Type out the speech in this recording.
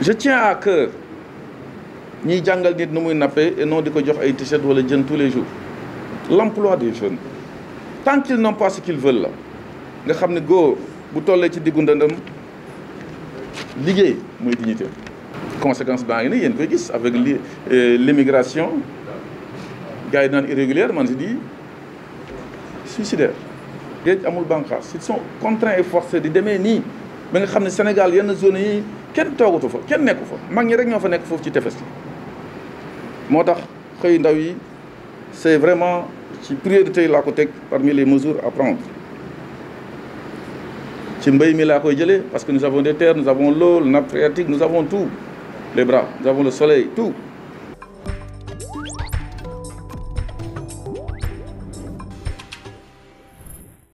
je tiens à cœur ñuy jàngal nit nu muy nappee et non di ko jox ay t-shirt wala jën tous les jours l'emploi des jeunes tant qu'ils n'ont pas ce qu'ils la nga xam ne góor bu tollee ci diggu ndëndam liggéey mooy dignité conséquence baa ngi ni yéen koy gis avec euh, l'immigration gars yi naan irrégulière man si suicidaire géej amul bànqaas ils sont contraints et forcés di demee nii ba nga xam ne Sénégal yenn zone yi kenn toogatu fa kenn nekku fa mag ñi rek ñoo fa nekk foofu ci tefes la moo tax xëy ndaw yi c'est vraiment ci priorité yi laa ko teg parmi les mesures à prendre ci mbéy mi laa koy jëlee parce que nous avons des terres nous avons l'eau nappe phréatique nous avons tout les bras nous avons le soleil tout